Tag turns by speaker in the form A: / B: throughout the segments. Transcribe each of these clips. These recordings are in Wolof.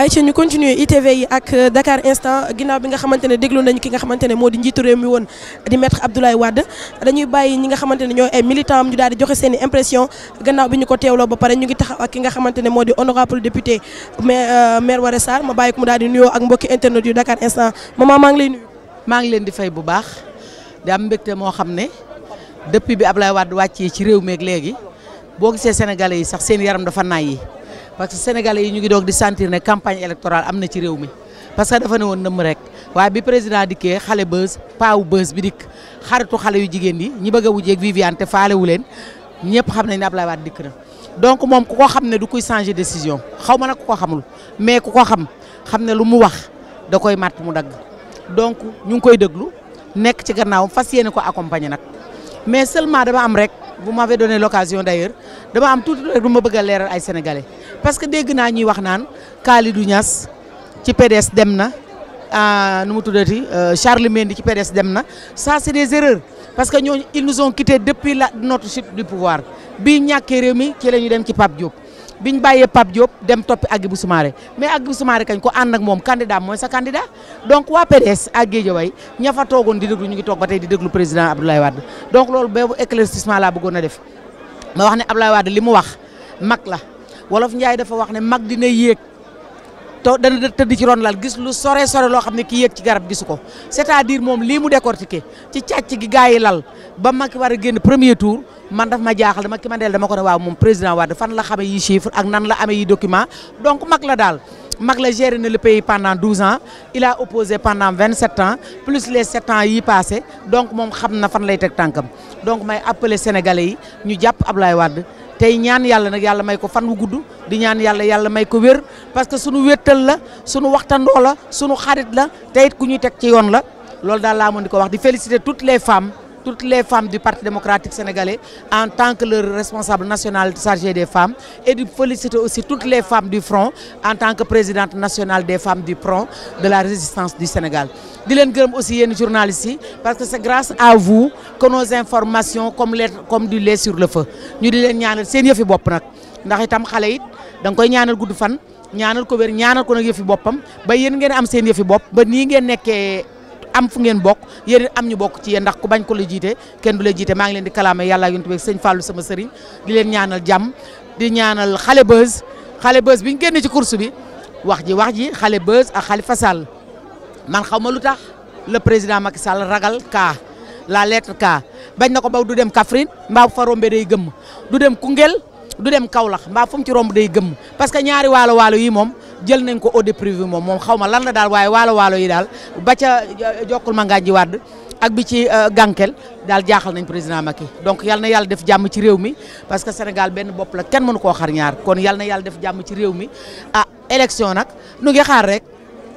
A: Aïtien, nous continuons ITV avec Dakar Instant ginnaaw bi nga xamante nañu ki nga maître Abdoulaye Wade dañuy nous ñi nga ay militant ñu daal di joxe seen impression gannaaw honorable député maire euh, maire Waré
B: ma bàyyi mu daal di Dakar Instant maman maa ngi lay nuyu. di am mbégte moo xam ne depuis bi Ablaye Wade wàccee ci réew meeg léegi boo gisee sénégalais yi sax seen yaram dafa naay yi parce que sénégalais yi ñu ngi doog di sentir ne campagne électorale am na ci réew mi parce que dafa ne woon nëmm rek waaye bi président dikkee xale bës paawu bës bi dikk xaritu xale yu jigéen ñi ñi bëgg a wujjeeg Viviane te faalewu leen ñëpp xam nañ ne Ablaye Wade dikk na. donc moom ku ko xam ne du koy changer décision xaw ma nag ku ko xamul mais ku ko xam xam ne lu mu wax da koy màtt mu dagg ngi koy déglu. nek ci gannaawam fas ko accompagner nak mais seulement dama am rek vous m'avez donné l'occasion d'ailleurs dama am tout rek lu bëgg a ay sénégalais parce que dégg na ñuy wax naan Khalidou Niass ci PDS dem na ah, nu mu tuddati euh, Charles Mendy ci PDS dem na ça c'est des erreurs parce que ils nous ont quittés depuis la notre chute du pouvoir bi ñaké réew mi ci lañu dem ci Pape Diop. biñ bàyyee Pape Diop dem toppi Agibou Soumaré mais Agibou Soumaré kañ ko ànd ak moom candidat mooy sa candidat donc waa PDS ak Guédiawaye ña fa toogoon di déglu ñu ngi toog ba tey di déglu président Abdoulaye Wade donc loolu boobu éclaircissement laa bëggoon a def ma wax ne Abdoulaye waad li mu wax mag la wolof Njaay dafa wax ne mag dina yéeg te dana tëdd ci ron lal gis lu sore sore loo xam ne kii yéeg ci garab gisu ko c'est-à-dire moom limu mu décortiqué ci càcc gi gars yi lal ba Macky war a génn premier tour man daf ma jaaxal dama ki ma deel dama ko ne waaw président Wade fan la xamee yi chiffre ak nan la amee yi document donc mag la dal. mag la géré na le pays pendant 12 ans il a opposé pendant 27 ans plus les 7 ans yi passé donc moom xam na fan lay teg tànkam donc may appelé sénégalais yi ñu jàpp Abdoulaye Wade tey ñaan yàlla nag yàlla may ko fan wu gudd di ñaan yàlla yàlla may ko wér parce que sunu wéttal la sunu waxtandoo la sunu xarit la tey it ku ñuy teg ci yoon la loolu daal laa mën di ko wax di féliciter tout les femmes toutes les femmes du Parti démocratique sénégalais en tant que leur responsable national chargé des femmes et de féliciter aussi toutes les femmes du front en tant que présidente nationale des femmes du front de la résistance du Sénégal. di leen aussi yéen journalistes ici parce que c'est grâce à vous que nos informations comme comme du lait sur le feu ñu di leen ñaanal seen yëfi avons nag ndax itam xalé yi dang koy ñaanal gudd fan ñaanal ko wër ñaanal ko nak yëfi bopam ba yéen ngeen am seen yëfi bop ba ni ngeen nekké am fu ngeen bokk yéen am ñu bokk ci yéen ndax ku bañ ko la jiite kenn du la jiite maa ngi leen di kalaame yàlla yonent bi sëñ sama sëriñ di leen ñaanal jàmm di ñaanal xale beuse xale beuse biñ ñu génn ci kursu bi wax ji wax ji xale beuse ak Khalifa Sall man xaw ma lu tax la président Macky Sall ragal kaa la lettre K bañ na ko baw du dem Kaffrine mbaa bu fa rombe day gëmm du dem Koungheul du dem Kaolack mba fu ci romb day gëmm parce que ñaari waalo waalo jël nañ ko audit privé moom moom xaw ma lan la daal waaye waalo waalo yi daal ba ca jokkul ma ji wàdd ak bi ci euh, gànkel daal jaaxal nañ président Macky donc yal na yàlla def jàmm ci réew mi parce que Sénégal benn bopp la kenn mënu koo xar ñaar kon yal na yàlla def jàmm ci réew mi ah élection nag nu ngi xaar rek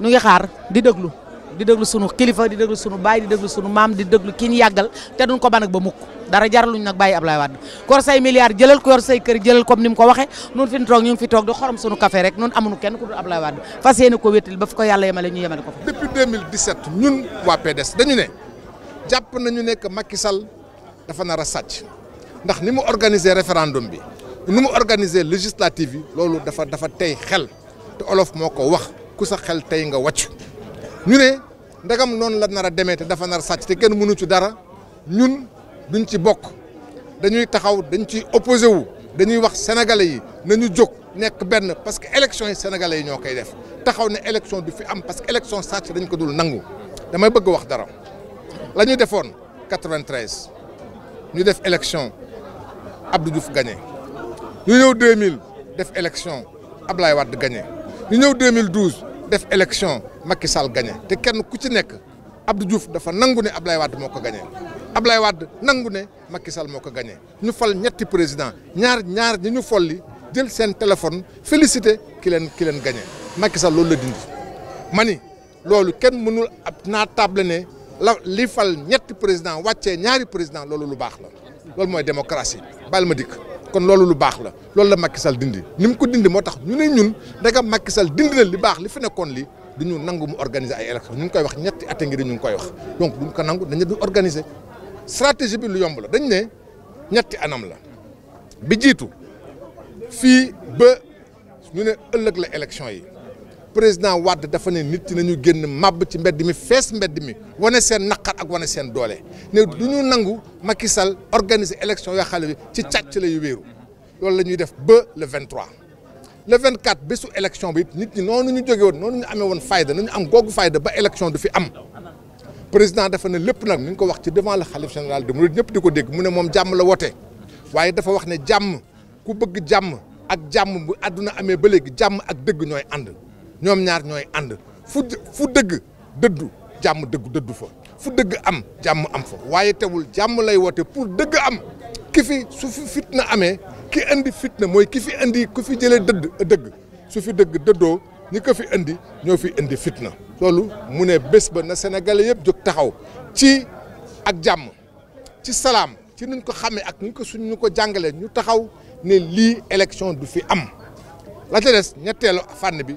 B: nu ngi xaar di déglu. di déglu sunu kilifa di déglu sunu baay di déglu sunu maam di déglu ki ñu yàggal te duñ ko ba nag ba mukk dara jaraluñ nag bàyyi Ablaye Wade ku yor say milliards jëlal ku yor say kër jëlal comme ni mu ko waxee nun fi ñu toog ñu fi toog di xorom sunu café rek nun amuñu kenn ku dul Ablaye Wade fas yéene ko wéttal ba fu ko yàlla yemale ñu yemale ko fa.
C: depuis 2017 ñun waa PDS dañu ne jàpp nañu ne que Macky Sall dafa nar a sàcc ndax ni mu organiser référendum bi ni mu organiser législative yi loolu dafa dafa tey xel olof moo ko wax ku sa xel tey nga wàcc ndegam non la nar a demee dafa nar sàcc te kenn mënu ci dara ñun duñ ci bok dañuy taxaw dañ ci opposé wu dañuy wax sénégalais yi nañu jóg nek ben parce que élection yi sénégalais yi ñoo def taxaw ne élection du fi am parce que élection sàcc dañ ko dul nangu damay bëgg wax dara la ñu 93 ñu def élection Abdou Diouf gagné ñu ñëw 2000 def élection Ablaye wad gagné ñu ñëw 2012 def élection Macky Sall gagné té kenn ku ci Abdou Diouf dafa fait ne Ablaye Wade moko gagné Ablaye Wade Macky Sall nous gagné ñu fal ñetti président ñaar ñaar ñu folli téléphone félicité ki gagné Macky Sall loolu la dindi mani loolu kenn mënul table ne li fal ñetti président ñaari président loolu lu la démocratie bal kon loolu lu baax la loolu la Macky Sall dindi ni mu ko dindi moo tax ñu ne ñun ndegam Macky Sall dindi na li baax li fi nekkoon li dañu ñu nangu mu organiser ay élections ñu ngi koy wax ñetti at ngi ñu ngi koy wax donc duñ ko nangu dañu du organiser stratégie bi lu yomb la dañ ne ñetti anam la bi jiitu fii ba ñu ne ëllëg la élection yi. président Wade dafa ne nit nañu génn màbb ci mbedd mi fees mbedd mi wane seen naqar ak wane seen doole ne du ñu nangu Macky Sall organiser élection yoo xam bi ci càcc la yu wéeru loolu la ñuy def ba le 23. le 24 bésu election bi nit ñi noonu ñu jóge woon noonu ñu amee woon fayda nañu am googu fayda ba élection du fi am président dafa ne lépp nag ni ñu ko wax ci devant le khalife général de Mouride ñëpp di ko dégg mu ne moom jàmm la woote waaye dafa wax ne jàmm ku bëgg jàmm ak jàmm bu àdduna amee ba léegi jàmm ak dëgg ñooy ànd. ñoom ñaar ñooy ànd fu fu dëgg dëddu jàmm dëgg dëddu fa fu dëgg am jàmm am fa waaye teewul jàmm lay woote pour dëgg am ki fi su fi fitna amee ki indi fitna mooy ki fi indi ku fi jëlee dëdd dëgg su fi dëgg dëddoo ñi ko fi indi ñoo fi indi fitna loolu mu ne bés ba na sénégalais yëpp jóg taxaw ci ak jàmm ci salaam ci nuñ ko xamee ak nuñ ko suñ ko jàngalee ñu taxaw ne lii élection du fi am la ca des ñetteelu fànn bi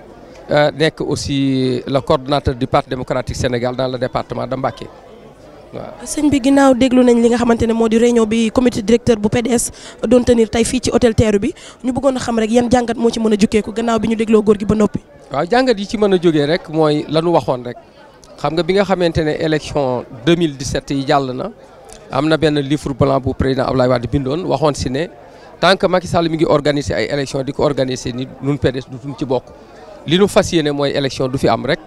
D: Euh, nek aussi le coordinateur du parti démocratique Sénégal dans le département de Mbaké. waaw.
A: sëñ bi ginaaw déglu nañ li nga xamantene ne réunion bi comité directeur bu PDS doon tenir tay fi ci hôtel Terrou-Bi ñu bëggono xam
D: rek yeen jangat mo ci mëna a ko ginaaw bi ñu dégloo góor gi ba nopi. waaw jangat yi ci mëna joggé rek moy lañu waxon rek xam nga bi nga xamantene élection 2017 yi jall na amna na benn livre blanc bu président Abdoulaye Wade bindoon waxon ci né tant que Macky Sall mi ngi organiser ay élection diko organiser ni ñun PDS du duñ ci bokk li nu fas yéene élection du fi am rek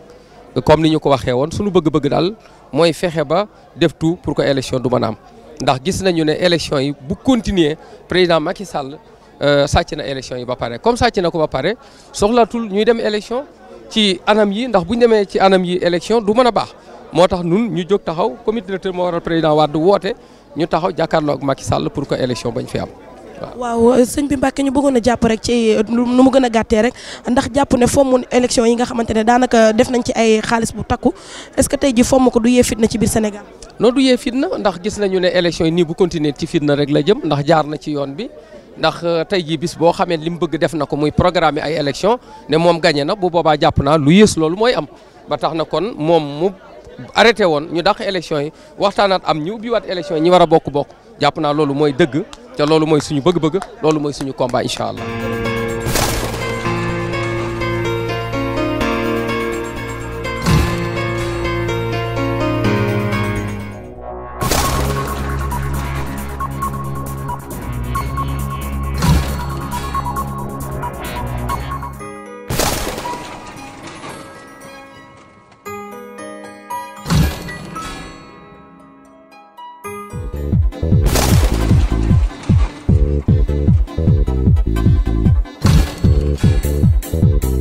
D: comme ni ñu ko waxee woon suñu bëgg-bëgg daal mooy fexe ba def tout pour que élection du mën a am ndax gis nañu ne élection yi bu continuer président Macky Sall euh, sàcc na élection yi ba pare comme sàcc na ko ba pare soxlaatul ñuy dem élection ci anam yi ndax bu ñu ci anam yi élection du mën a baax moo tax nun ñu jóg taxaw comité directeur moo waral président Wade woote ñu taxaw jàkkaarloo Macky Sall pour que élection bañ fi am.
A: waaw sëñ bi Mbacke ñu bëggoon a jàpp rek ci nu mu gën a gàttee rek ndax jàpp ne fomm élection yi nga xamante ne daanaka def nañ ci ay xaalis bu takku est-ce que tey ji fomm ko du yee fitna ci biir Sénégal.
D: non du yee fitna ndax gis nañu ne élection yi nii bu continuer ci fitna rek la jëm ndax jaar na ci yoon bi. ndax euh, tey jii bis boo xamee li mu bëgg def na ko muy programme ay élection ne moom gagné na bu boobaa jàpp naa lu yées loolu mooy am ba tax na kon moom mu arrêté woon ñu dàq élection yi waxtaanaat am ñu ubbiwaat élection yi ñi war a bokk-bokk jàpp naa loolu mooy dëgg te loolu mooy suñu bëgg-bëgg loolu mooy suñu combat incha allah you.